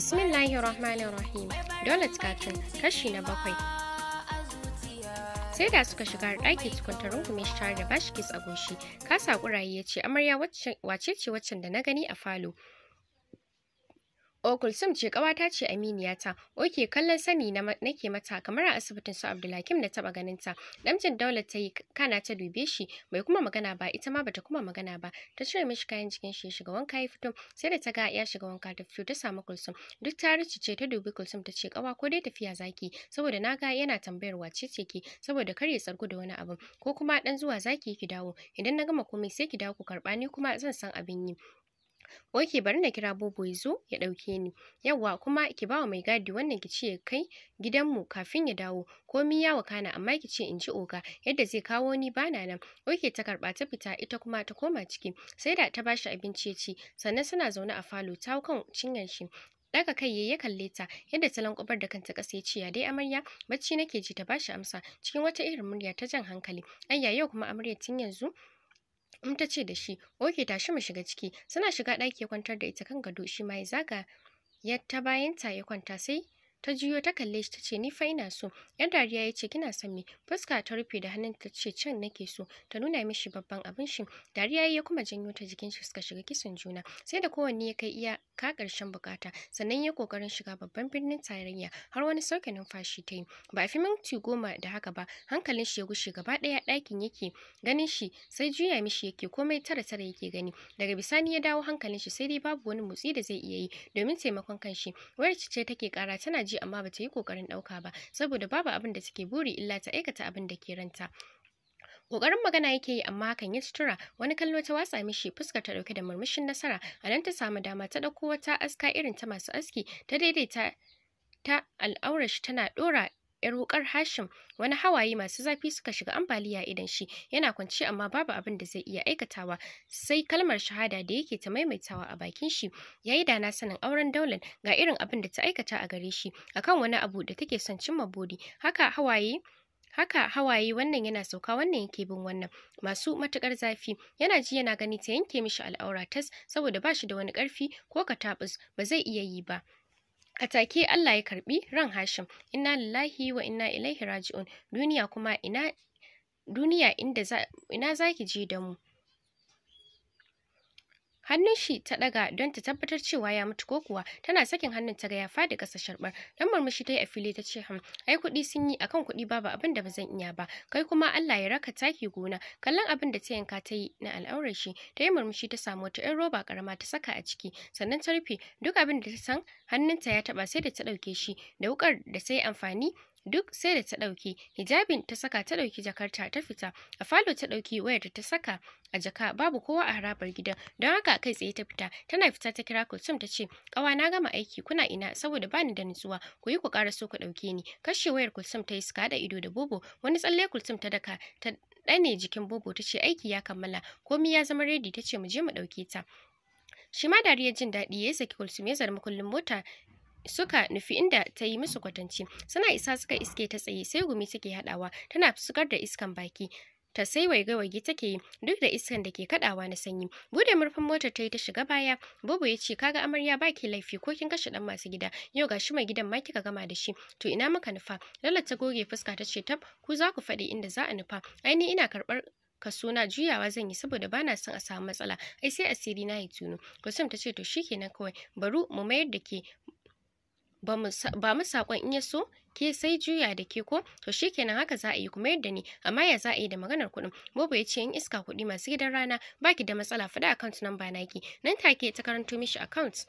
Bismillahirrahmanirrahim. Dole Katun, kashi na bakwai. Sai da suka shiga ɗaki tukunta rungume shi tare da bashi kis a goshi. Kasa ƙuraye ya ce, Amarya wace ce waccan da na gani a falo? O oh, Kulsum ce ta ce aminiyata, oke kallon sani na nake mata kamar a asibitin su Abdulhakim da taba ganin ta. Damjin Daula ta yi kana ta dube shi bai kuma magana ba ita ma bata kuma magana ba. Ta cire mishi kayan jikin shi shiga wanka ya fito sai da ta ga ya shiga wanka ta fito ta samu Kulsum. Duk ta ce ta dubi Kulsum ta ce kawa ko dai tafiya zaki saboda na ga yana tambayar wace ce ke saboda kar ya tsargu da wani abun ko kuma dan zuwa zaki ki dawo idan na gama komai sai ki dawo ku karba ni kuma zan san abin yi. oke bari na kira bobo ya zo ya ɗauke ni yawwa kuma ki bawa mai gadi wannan ki ce kai gidanmu kafin ya dawo komi ya wakana amma ki ce in ji oga yadda zai kawo ni bana nan oke ta karɓa ta fita ita kuma ta koma ciki sai da ta bashi abinci ya ci sannan suna zaune a falo ta kan cinyar shi daga kai ya kalle ta yadda ta lankubar da kanta ƙasa ya ce ya dai amarya bacci nake ji ta bashi amsa cikin wata irin murya ta jan hankali ayya yau kuma amarya tun yanzu in ta ce da shi oke tashi mu shiga ciki suna shiga ɗaki ya kwantar da ita kan gado shi ma ya zaga ya ta bayanta ya kwanta sai ta juyo ta kalle shi ta ce ni fa ina so yan dariya ya ce kina son me fuska ta rufe da hannun ta ce can nake so ta nuna mishi babban abin shi dariya ya kuma janyo ta jikin shi suka shiga kisan juna sai da kowanne ya kai iya ka karshen bukata sannan ya kokarin shiga babban birnin tarayya har wani sauke numfashi ta yi ba a fi minti goma da haka ba hankalin shi ya gushe gaba ɗaya ɗakin yake ganin shi sai juya mishi yake komai tara tara yake gani daga bisani ya dawo hankalin shi sai dai babu wani motsi da zai iya yi domin taimakon kanshi wayar ce take kara tana ji amma bata yi kokarin ɗauka ba saboda babu abin da take buri illa ta aikata abin da ke ranta kokarin magana yake yi amma hakan ya tura wani kallo ta watsa mishi fuskar ta dauke da murmushin nasara a nan ta samu dama ta ɗauko wata aska irin ta masu aski ta daidaita ta al'aurashi tana ɗora. 'yar wukar Hashim wani hawaye masu zafi suka shiga ambaliya idan shi yana kwance amma babu abin da zai iya aikatawa sai kalmar shahada da yake ta maimaitawa a bakin shi yayi dana sanin auren daulan ga irin abin da ta aikata a gare shi akan wani abu da take son cimma bodi haka hawaye haka hawaye wannan yana sauka wannan yake bin wannan masu matukar zafi yana ji yana gani ta yanke mishi al'aura tas saboda ba shi da wani karfi ko katabus ba zai iya yi ba a take Allah ya karbi ran Hashim inna lillahi wa inna ilaihi raji'un duniya kuma ina duniya inda za ina zaki je da mu hannun shi ta daga don ta tabbatar cewa ya mutu ko kuwa tana sakin hannun ta ga ya fadi kasa sharbar dan murmushi tayi yi a fili ta ce ham ai kuɗi sun yi akan kuɗi babu abin da bazan iya ba kai kuma Allah ya raka taki gona kallon abin da ta yanka tayi na al'aurar shi ta yi murmushi ta samu ta ɗan roba karama ta saka a ciki sannan ta rufe duk abin da ta san hannun ta ya taba sai da ta ɗauke shi da wukar da ta yi amfani duk sai da ta ɗauki hijabin ta saka ta ɗauki jakarta ta fita a falo ta ɗauki wayar ta saka a jaka babu kowa a harabar gidan don haka kai tsaye ta fita tana fita ta kira kulsum ta ce kawa na gama aiki kuna ina saboda bani da nutsuwa ku yi ku ƙara so ku ɗauke ni kashe wayar kulsum ta yi suka haɗa ido da bobo wani tsalle kulsum ta daka ta ɗane jikin bobo ta ce aiki ya kammala komi ya zama redi ta ce mu je mu ɗauke ta shi ma dariyar jin daɗi ya saki kulsum ya zarmi kullum mota suka nufi inda ta yi musu kwatance suna isa suka iske ta tsaye sai gumi take haɗawa tana fuskar da iskan baki ta sai waigawagi take yi duk da iskan da ke kadawa na sanyi bude murfin motar ta yi ta shiga baya bobo ya ce kaga amarya ba baki laifi ko kin kashe dan masu gida yau ga shi mai gidan ma kika gama da shi to ina maka nufa lalla ta goge fuska ta ce tab ku za ku faɗi inda za a nufa aini ina karɓar suna juyawa zan yi saboda bana son a samu matsala ai sai asiri na ya tuno kusum ta ce to shikenan kawai bari mu mayar da ke ba mu saƙon in ya so ke sai juya da ke ko to kenan haka za a yi kuma yadda ne amma ya za a yi da maganar kuɗin bobo ya ce in iska kuɗi masu gidan rana baki da matsala faɗa account number naki nan take ta karanto mishi account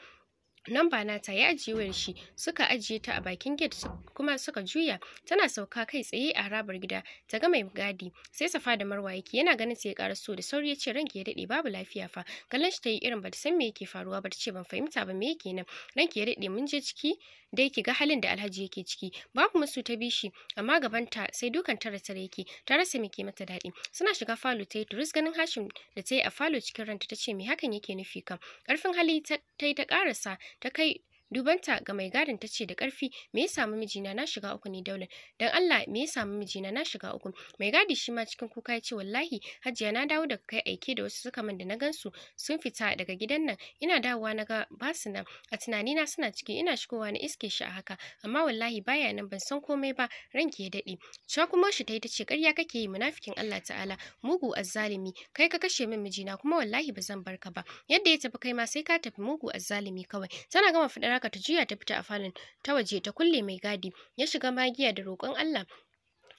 namba ta ya ajiye wayar shi suka ajiye ta a bakin gate kuma suka juya tana sauka kai tsaye a harabar gida ta ga mai gadi sai safa da marwa yake yana ganin sai ya kara so da sauri ya ce ranki ya daɗe babu lafiya fa kallon shi ta yi irin bata san me yake faruwa ba ta ce ban fahimta ba me yake nan ranki ya dade mun je ciki dai ki ga halin da alhaji yake ciki babu musu ta bishi amma ta sai dukan tara tare yake ta rasa me mata daɗi suna shiga falo ta yi turis ganin hashim da ta yi a falo cikin ranta ta ce me hakan yake nufi kam karfin hali ta yi ta ƙarasa 这可以。dubanta ga mai gadin ta ce da karfi me ya samu mijina na shiga uku ne daular dan Allah me ya samu mijina na shiga uku mai gadi shi ma cikin kuka ya ce wallahi hajiya na dawo daga kai aike da wasu suka man da na gansu sun fita daga gidan nan ina dawowa na ga basu nan a tunani na suna ciki ina shigowa na iske shi a haka amma wallahi baya nan ban san komai ba ranki ya dade cewa kuma shi ta yi ta ce ƙarya kake yi munafikin Allah ta'ala mugu azzalimi kai ka kashe min mijina kuma wallahi ba zan barka ba yadda ya tafi kai ma sai ka tafi mugu azzalimi kawai tana gama fadar haka ta juya ta fita a falon ta waje ta kulle mai gadi ya shiga magiya da roƙon Allah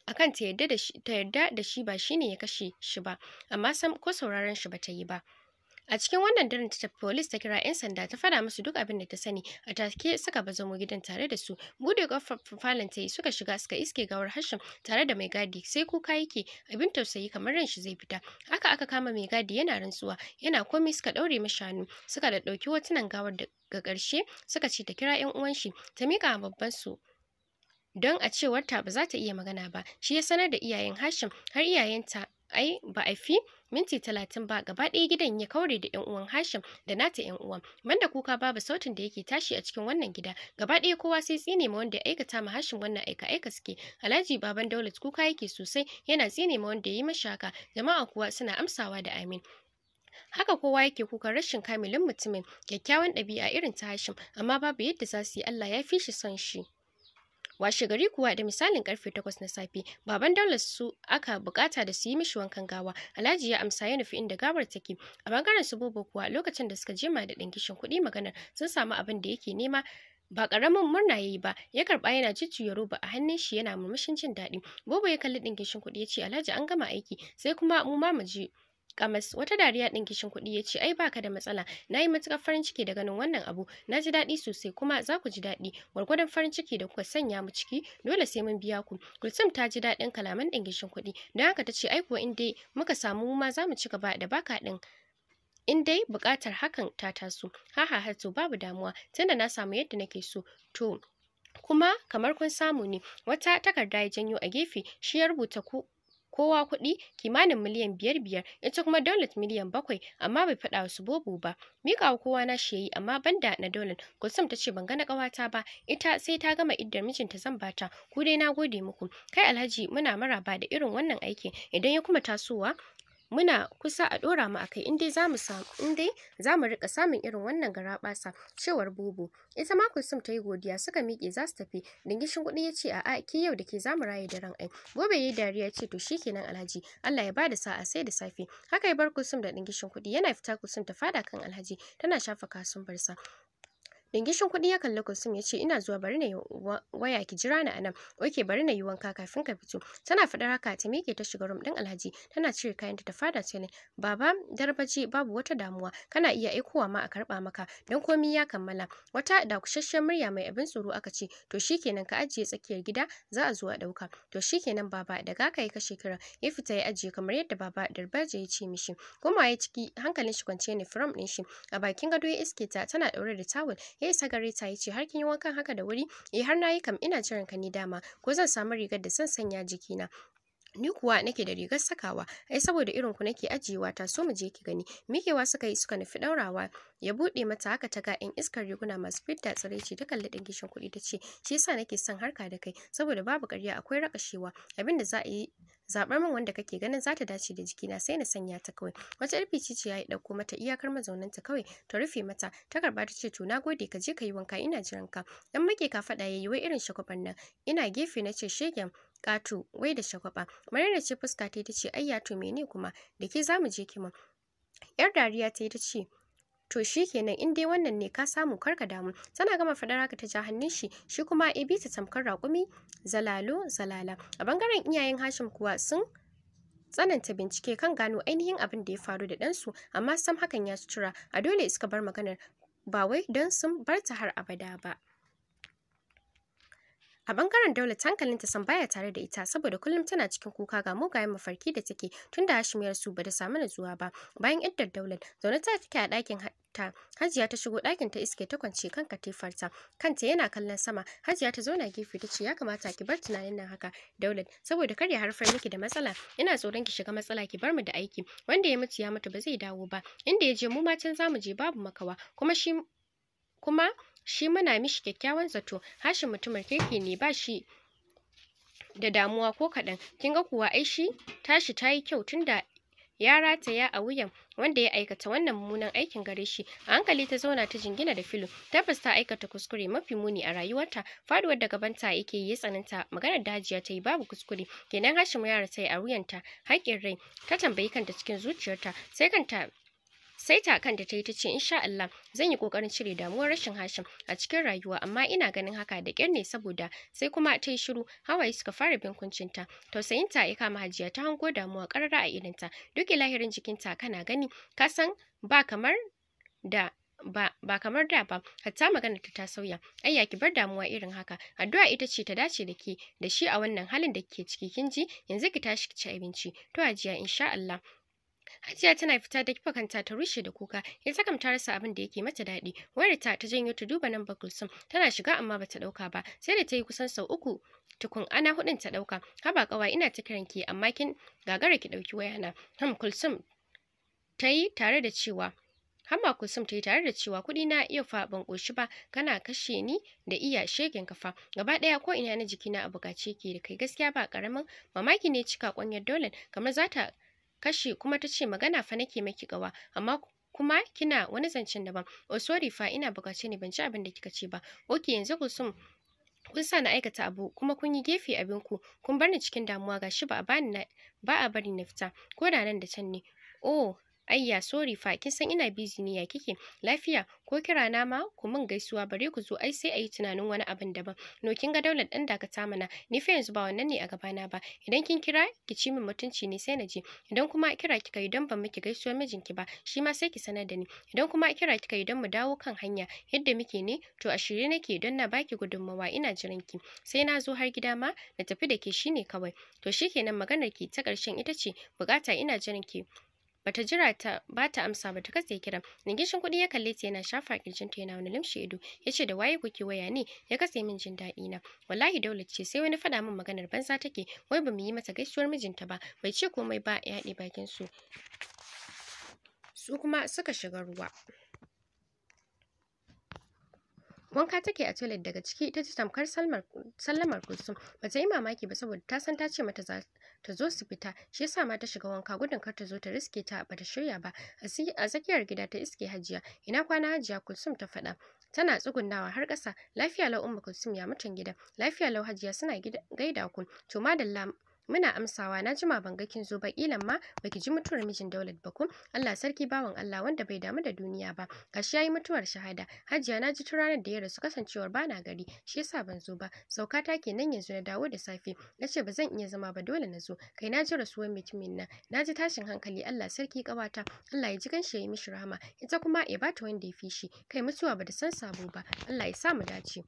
akan ta yarda da shi ba shine ya kashe shi ba amma ko sauraron shi ba ta yi ba A cikin wannan daren ta tafi polis ta kira 'yan sanda ta fada musu duk abin da ta sani a take suka bazo mu gidan tare da su bude kofar falon ta yi suka shiga suka iske gawar Hashim tare da mai gadi sai kuka yake abin tausayi kamar ran shi zai fita haka aka kama mai gadi yana rantsuwa yana komai suka daure mashi hannu suka da dauki hotunan gawar daga karshe suka ce ta kira 'yan uwan shi ta mika babban su don a cewarta ba za ta iya magana ba shi ya sanar da iyayen Hashim har iyayenta ai ba a fi minti talatin ba gaba ɗaya gidan ya kaure da yan uwan hashim da nata yan uwan banda kuka babu sautin da yake tashi a cikin wannan gida gaba ɗaya kowa sai tsine ma wanda ya aikata ma hashim wannan aika aika suke alhaji baban daulat kuka yake sosai yana tsine ma wanda ya yi mashaka jama'a kuwa suna amsawa da amin haka kowa yake kukan rashin kamilin mutumin kyakkyawan ɗabi'a irin ta hashim amma babu yadda za su yi allah ya fi shi son shi washe gari kuwa da misalin karfe 8 na safe baban daular su aka bukata da su yi mishi wankan gawa alhaji ya amsa ya nufi inda gawar take a bangaren su bobo kuwa lokacin da suka jima da dinkishin kuɗi maganar sun samu abin da yake nema ba karamin murna yayi ba ya karba yana jujjuya a hannun shi yana murmushin jin daɗi bobo ya kalli ɗinkishin kuɗi ya ce alhaji an gama aiki sai kuma mu ma mu je Kamas wata dariya ɗin kishin kuɗi ya ce ai baka da matsala na yi matuƙar farin ciki da ganin wannan abu na ji daɗi sosai kuma za ku ji daɗi gwargwadon farin ciki da kuka sanya mu ciki dole sai mun biya ku Kulsum ta ji daɗin kalaman ɗin kishin kuɗi don haka ta ce ai kuwa in dai muka samu mu ma za mu ci gaba da baka ɗin in dai buƙatar hakan ta taso ha ha to babu damuwa tunda na samu yadda nake so to kuma kamar kun samu ne wata takarda ya janyo a gefe shi ya rubuta ku kowa kuɗi kimanin miliyan biyar biyar ita kuma dolat miliyan bakwai amma bai faɗa wa su bobo ba miƙa wa kowa na shi yayi amma banda na dolat kulsum ta ce ban ga na ƙawata ba ita sai ta gama iddar mijinta zan bata ku dai na gode muku kai alhaji muna maraba da irin wannan aikin idan ya kuma tasowa muna kusa a dora mu akai in dai samu in dai zamu rika samun irin wannan garaɓasa cewar bubu ita ma kusum tayi godiya suka miƙe za su tafi dingishin kuɗi ya ce a'a ki yau da ke zamu raye da ran ai gobe yayi dariya ce to shikenan alhaji Allah ya bada sa'a sai da safe haka ya bar kusum da dingishin kuɗi yana fita kusum ta fada kan alhaji tana shafa kasun barsa Dangishin kuɗi ya kalli Kulsum ya ce ina zuwa bari na yi waya ki jira ni anan. Oke bari na yi wanka kafin ka fito. Tana faɗar haka ta miƙe ta shiga rum ɗin Alhaji tana cire kayan ta fada sai Baba darbaji babu wata damuwa kana iya aikowa ma a karɓa maka don komi ya kammala. Wata da kusasshen murya mai abin tsoro aka ce to shikenan ka ajiye tsakiyar gida za a zo a ɗauka. To shikenan baba daga ka yi kashe kira ya fita ya ajiye kamar yadda baba darbaji ya ce mishi. kuma ya ciki hankalin shi kwance ne from ɗin shi a bakin gado ya iske ta tana ɗaure da tawul ya isa ta ya ce har kin yi wankan haka da wuri eh har nayi kam ina jiran ka ni dama ko zan samu rigar da zan sanya jikina Ni kuwa nake da rigar sakawa, ai saboda irin ku nake ajiyewa ta so mu je ki gani. Mikewa suka yi suka nufi ɗaurawa, ya buɗe mata haka ta ga 'yan iskar riguna masu fidda ce ta kalli ɗin gishin kuɗi ta ce, shi yasa nake son harka da kai, saboda babu ƙarya akwai rakashewa, abin da za a yi zaɓar min wanda kake ganin za ta dace da jikina sai na sanya ta kawai wata rufi ce ya yi ɗauko mata iyakar ta kawai ta rufe mata ta karba ta ce to na gode ka je ka yi wanka ina jiran ka dan make ka faɗa ya yi wai irin shakwaban nan ina gefe na ce shegen kato wai da shakwaba maryam ce fuska ta ta ce ya to mene kuma da ke za mu je kima yar dariya ta yi ta ce to shi kenan in dai wannan ne ka samu ka damu tana gama fadar haka ta ja hannun shi shi kuma a bi ta tamkar raƙumi zalalo zalala a bangaren iyayen hashim kuwa sun tsananta bincike kan gano ainihin abin da ya faru da ɗansu amma sam hakan ya ci tura a dole suka bar maganar ba wai don sun bar ta har abada ba A bangaren Daulat hankalinta san baya tare da ita saboda kullum tana cikin kuka ga mugayen mafarki da take tunda Hashimiyar su ba da samu natsuwa ba. Bayan iddar Daulat, zaune ta take a ɗakin ta hajiya ta shigo dakin ta iske ta kwance kan katifarta kanta yana kallon sama hajiya ta zauna gefe ta ce ya kamata ki bar tunanin nan haka daulat saboda kar ya harfar miki da matsala ina tsoron ki shiga matsala ki bar mu da aiki wanda ya mutu ya mutu ba zai dawo ba inda ya je mu ma can zamu je babu makawa kuma shi kuma shi muna mishi kyakkyawan zato hashin mutumin kirki ne ba shi da damuwa ko kaɗan kin ga kuwa ai shi tashi ta yi kyau tunda ya rataya a wuyan wanda ya aikata wannan mummunan aikin gare shi a hankali ta zauna ta jingina da filo. tabbas ta aikata kuskure mafi muni a rayuwarta faduwar da gabanta yake yi tsananta maganar dajiya ta yi babu kuskure kenan hashim ya rataya a wuyanta haƙƙin rai ta tambayi kanta cikin zuciyarta sai kanta sai ta kanta ta yi ta ce insha Allah zan yi kokarin cire damuwar rashin Hashim a cikin rayuwa amma ina ganin haka da kyar ne saboda sai kuma ta yi shiru hawaye suka fara bin kuncinta tausayinta ya kama hajiya ta hango damuwa ƙarara a idanta duk lahirin jikinta kana gani ka san ba kamar da ba ba kamar da ba hatta magana ta ta sauya ai ya ki bar damuwa irin haka addu'a ita ce ta dace da ke da shi a wannan halin da kike ciki kin ji yanzu ki tashi ki ci abinci to ajiya insha Allah Hajiya tana fita da kifakanta ta rushe da kuka, ya sakam ta rasa abin da yake mata daɗi. Wayar ta ta janyo ta duba nan Kulsum, tana shiga amma bata ɗauka ba, sai da ta yi kusan sau uku tukun ana hudun ta ɗauka. Haba kawa ina ta kiran ki amma kin gagara ki ɗauki wayana. Ham Kulsum ta yi tare da cewa Hamma Kulsum ta yi tare da cewa kuɗi na iya fa ban ƙoshi ba kana kashe ni da iya shegen kafa gaba ɗaya ko ina na jikina a bukace ke da kai gaskiya ba ƙaramin mamaki ne cika ƙwanyar dole kamar za ta kashi kuma ta ce magana fa nake maki gawa amma kuma kina wani zancen daban oh sorry fa ina bukace ne ban ci abin da kika ce ba okay yanzu kusum kun sa na aikata abu kuma kun yi gefe abin ku kun bar ni cikin damuwa gashi ba a bani ba a bari na fita ko da nan da can ne oh Ayya sorry fa kin san ina busy ne ya kike? Lafiya ko kira na ma ku min gaisuwa bare ku zo ai sai ayi tunanin wani abin daban. No kin ga daular dan dakata mana ni fa yanzu ba wannan ne a gabana ba. Idan kin kira ki ci min mutunci ne sai na je. Idan kuma kira kika yi don ban miki gaisuwar mijinki ba shi ma sai ki sanar da ni. Idan kuma kira kika yi mu dawo kan hanya yadda muke ne to a shirye nake don na baki gudunmawa ina jiran ki. Sai na zo har gida ma na tafi da ke shine kawai. To shikenan maganar ki ta karshen ita ce bukata ina jiran ki bata jira ta bata amsa ba ta katse kiran ningishin kudi ya kalle ta yana shafa kirjin ta yana wani limshi ido yace da waye kuke waya ne ya katse min jin daɗi na wallahi daula ce sai wani faɗa min maganar banza take wai ba mu yi mata gaisuwar mijinta ba bai ce komai ba ya dade bakin su su kuma suka shiga ruwa wanka take a toilet daga ciki ta ji tamkar sallamar kulsum ba ta yi mamaki ba saboda ta san ta ce mata ta zo su fita shi yasa ma ta shiga wanka gudun kar ta zo ta riske ta ba ta shirya ba a tsakiyar gida ta iske hajiya ina kwana hajiya kulsum ta faɗa tana tsugunnawa har ƙasa lafiya lau umma kulsum ya mutan gida lafiya lau hajiya suna gaida ku to madalla muna amsawa na jima ban ga kin zo ba kilan ma baki ji mutuwar mijin Daulat ba ko Allah sarki bawan Allah wanda bai damu da duniya ba gashi yayi mutuwar shahada Hajiya na ji ranar da ya rasu kasancewar bana gari shi yasa ban zo ba sauka ta kenan yanzu na dawo da safe nace ba zan iya zama ba dole na zo kai na ji rasuwar mutumin nan na ji tashin hankali Allah sarki kawata Allah ya ji kanshi ya yi mishi rahama ita kuma ya bata wanda ya fishi kai mutuwa ba da san sabo ba Allah ya sa mu dace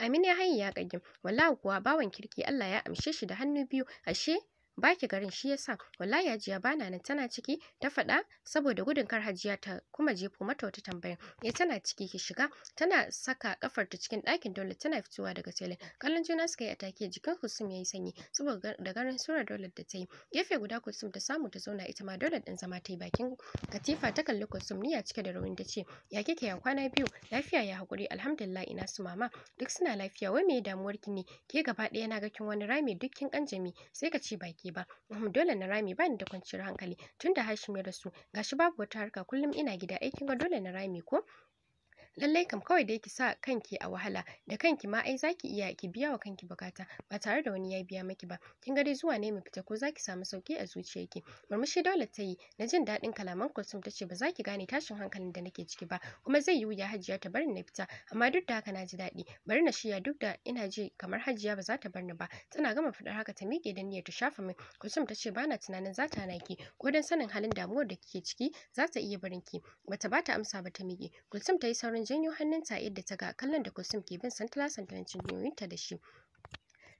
Aminu ya haye ya ƙaggim, wallahi kuwa bawan kirki Allah ya amshe shi da hannu biyu, ashe baki garin shi yasa wallahi hajiya bana nan tana ciki ta faɗa saboda gudun kar hajiya ta kuma jefo mata wata tambaya ya eh, tana ciki ki shiga tana saka kafar ta cikin ɗakin dole tana fitowa daga tele kallon juna suka yi atake jikin kusum ya yi sanyi saboda da garin sura dole da ta yi gefe guda kusum ta samu ta zauna ita ma dole din zama ta yi bakin katifa ta kalli kusum niya cike da rauni ta ce ya kike ya kwana biyu lafiya ya haƙuri alhamdulillah ina su mama duk suna lafiya wai me damuwarki ne ke gaba ɗaya na ga kin wani rami duk kin kanjami sai ka ci baki ke ba uhm, dole na rami ba ni da kwanciyar hankali tunda Hashim ya rasu gashi babu wata harka kullum ina gida aikin ga dole na rame ko lallai kam kawai dai ki sa kanki a wahala da kanki ma ai zaki iya ki biya wa kanki bukata ba tare da wani ya biya maki ba kin ga dai zuwa ne mu fita ko zaki samu sauki a zuciyarki murmushi dole ta yi na jin daɗin kalaman kulsum ta ce ba za ki gane tashin hankalin da nake ciki ba kuma zai yi wuya hajiya ta bari na fita amma duk da haka na ji daɗi bari na shirya duk da ina ji kamar hajiya ba za ta bar ni ba tana gama faɗar haka ta miƙe da niyyar ta shafa min kulsum ta ce ba na tunanin za ta hana ki ko don sanin halin damuwar da kike ciki za ta iya barin ki bata bata amsa ba ta miƙe kulsum ta yi saurin janyo hannunta yadda ta ga kallon da kusum ke bin santala santalan cinyoyinta da shi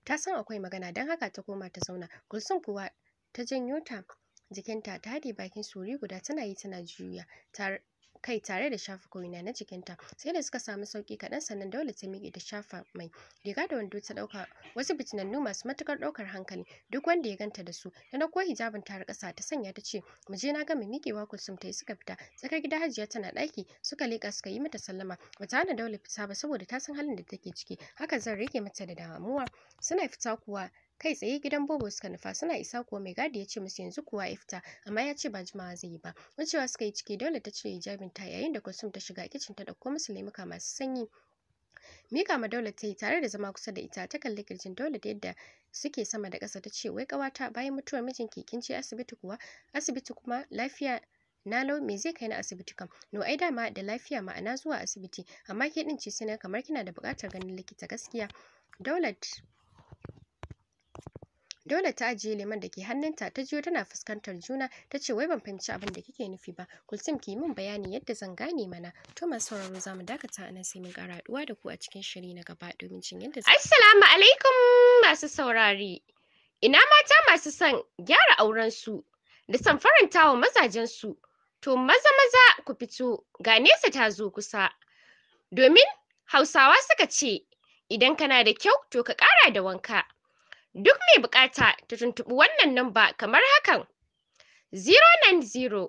ta san akwai magana don haka ta koma ta zauna kulsum kuwa ta janyo ta jikinta ta haɗe bakin suri guda tana yi tana juya ta kai tare da shafa koyina na jikinta sai da suka samu sauki kaɗan sannan dole ta miƙe ta shafa mai riga da wando ta ɗauka wasu fitinannu masu matuƙar ɗaukar hankali duk wanda ya ganta da su ta ɗauko hijabin ta har ƙasa ta sanya ta ce mu je na ga mai miƙewa kulsum ta yi suka fita tsakar gida hajiya tana ɗaki suka leƙa suka yi mata sallama bata hana dole fita ba saboda ta san halin da take ciki haka zan rike mata da damuwa suna fita kuwa kai tsaye gidan bobo suka nufa suna isa kuwa mai gadi ya ce musu yanzu kuwa ya fita amma ya ce ba jimawa zai yi ba wucewa suka yi ciki dole ta cire hijabin ta yayin da kusum ta shiga kicin ta dauko musu lemuka masu sanyi mika ma daula ta yi tare da zama kusa da ita ta kalli kirjin daula da yadda suke sama da ƙasa ta ce wai ƙawata bayan mutuwar mijinki kin je asibiti kuwa asibiti kuma lafiya na lau me zai kai na asibiti kam? No ai dama da lafiya ma'ana zuwa asibiti, amma ke din ce sai kamar kina da buƙatar ganin likita gaskiya. Daulat dole ta ajiye lemon da ke hannunta ta jiyo tana fuskantar juna ta ce wai ban fahimci abin da kike nufi ba kulsum ki min bayani yadda zan gane mana to masu sauraro za dakata a nan sai mun kara haduwa da ku a cikin shiri na gaba domin cin yadda assalamu alaikum masu saurari ina mata masu son gyara auren su da son faranta wa mazajensu su to maza maza ku fito ga nesa ta zo kusa domin hausawa suka ce idan kana da kyau to ka kara da wanka Duk mai buƙata ta tuntuɓi wannan namba kamar hakan: 090-3728-0094,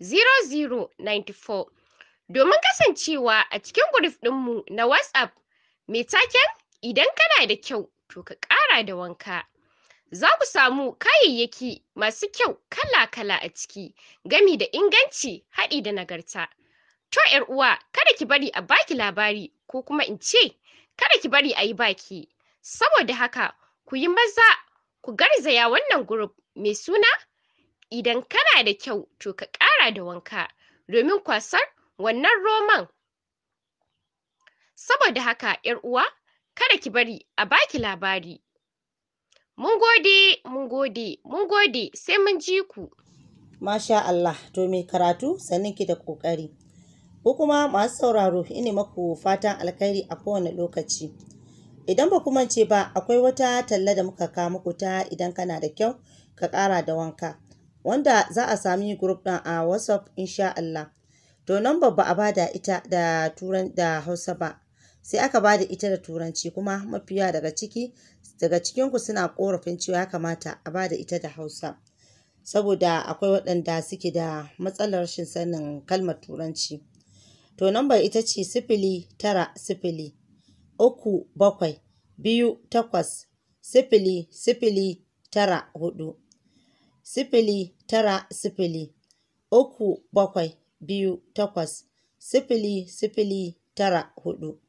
090-3728-0094 domin kasancewa a cikin guruf ɗinmu na WhatsApp mai taken Idan Kana da Kyau, To Ka Ƙara da Wanka. za ku samu kayayyaki masu kyau kala-kala a ciki gami da inganci haɗi da nagarta. To 'yar uwa kada ki bari a baki labari ko kuma in ce kada ki bari a yi baki. Saboda haka ku yi maza ku garzaya wannan gurup mai suna idan kana da kyau to ka ƙara da wanka domin kwasar wannan roman. Saboda haka yar uwa kada ki bari a baki labari. Mun gode, mun gode, mun gode, sai mun ji ku. Masha Allah, to mai karatu sannin ki da ƙoƙari. Ko kuma masu sauraro ina maku fatan alkhairi a kowane lokaci. Idan ba kuma ce ba akwai wata talla da muka kawo muku ta idan kana da kyau ka ƙara da wanka. Wanda za a sami group ɗin a WhatsApp insha Allah. To nan ba a bada ita da turan da Hausa ba. sai aka ba da ita da turanci kuma mafiya daga ciki daga cikinku suna korafin cewa ya kamata a ba da ita da hausa saboda akwai waɗanda suke da matsalar rashin sanin kalmar turanci to nambar ita ce sifili tara sifili uku bakwai biyu takwas sifili sifili tara hudu sifili tara sifili uku bakwai biyu takwas sifili sifili tara hudu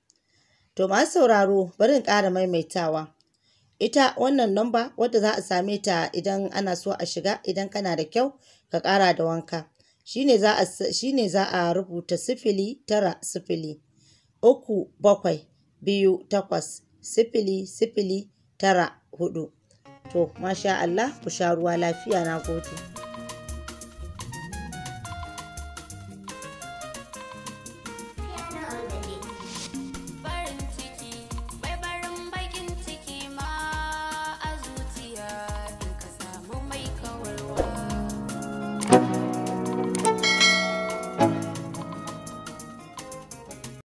To masu sauraro barin in ƙara maimaitawa. Ita wannan lamba wadda za a same ta idan ana so a shiga idan kana da kyau ka kara da wanka. Shi ne za a rubuta sifili tara sifili uku bakwai biyu takwas sifili sifili tara hudu. To, masha Allah, ku sha ruwa lafiya na gode.